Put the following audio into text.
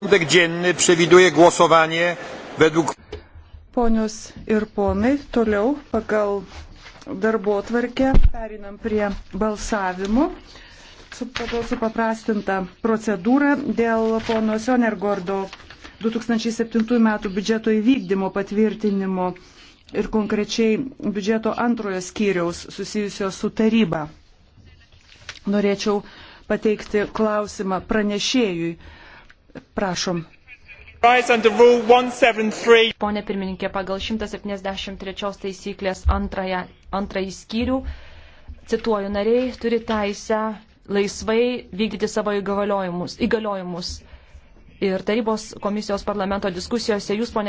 Porządek dzienny przewiduje głosowanie według. Ponios ir ponai, toliau pagal darbo atvarkę perinam prie balsavimo su, pagal supaprastintą procedūrą dėl pono Sonergordo 2007 metų biudžeto įvykdymo patvirtinimo ir konkrečiai biudžeto antrojo skyriaus susijusio su taryba. Norėčiau pateikti klausimą pranešėjui Prašom. Pone pirmininkė, pagal 173 taisyklės antrąją, antrąjį skyrių, cituoju, nariai turi teisę laisvai vykdyti savo įgaliojimus. įgaliojimus. Ir tarybos komisijos parlamento diskusijose jūs, ponė